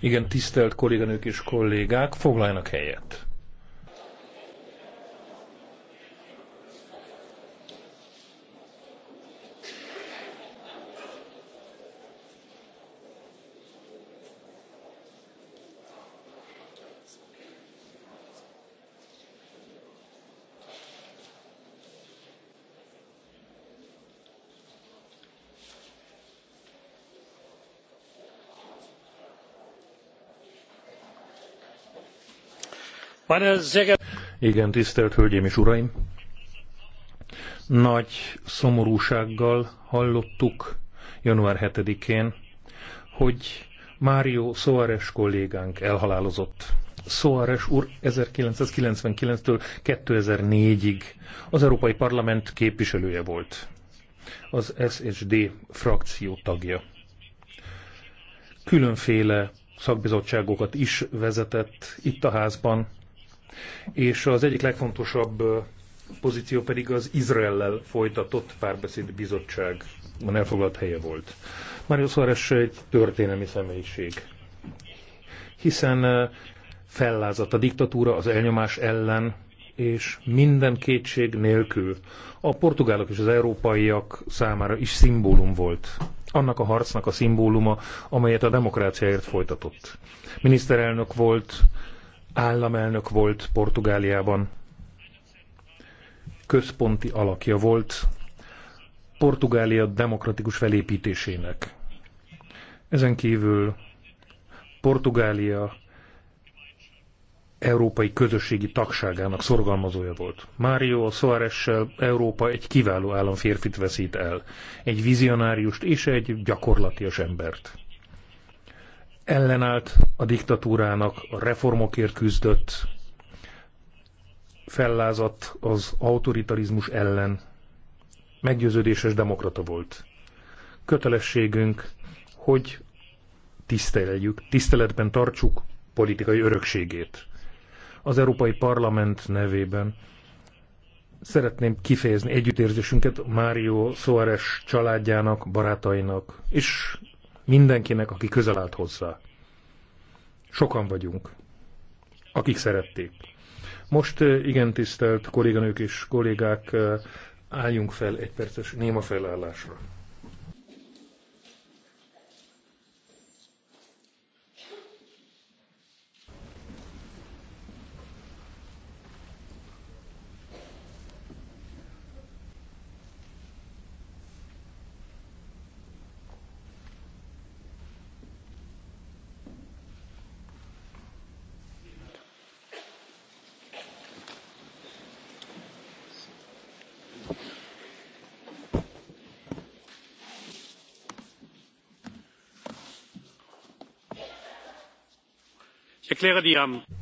Igen, tisztelt kolléganők és kollégák, foglaljanak helyet. Igen, tisztelt Hölgyeim és Uraim! Nagy szomorúsággal hallottuk január 7-én, hogy Mário Soares kollégánk elhalálozott. Soares úr 1999-től 2004-ig az Európai Parlament képviselője volt. Az SSD frakció tagja. Különféle szakbizottságokat is vezetett itt a házban, és az egyik legfontosabb pozíció pedig az Izraellel folytatott párbeszéd bizottságban elfoglalt helye volt. Mario Suárez egy történelmi személyiség, hiszen fellázadt a diktatúra az elnyomás ellen, és minden kétség nélkül a portugálok és az európaiak számára is szimbólum volt. Annak a harcnak a szimbóluma, amelyet a demokráciáért folytatott. Miniszterelnök volt, államelnök volt Portugáliában, központi alakja volt Portugália demokratikus felépítésének. Ezen kívül Portugália európai közösségi tagságának szorgalmazója volt. Mário Soaressel Európa egy kiváló államférfit veszít el, egy vizionáriust és egy gyakorlatias embert ellenállt a diktatúrának, a reformokért küzdött, fellázadt az autoritarizmus ellen, meggyőződéses demokrata volt. Kötelességünk, hogy tiszteljük, tiszteletben tartsuk politikai örökségét. Az Európai Parlament nevében szeretném kifejezni együttérzésünket Mário Soares családjának, barátainak és mindenkinek, aki közel állt hozzá. Sokan vagyunk, akik szerették. Most igen tisztelt kolléganők és kollégák, álljunk fel egy perces néma felállásra. ich erkläre die. Ähm,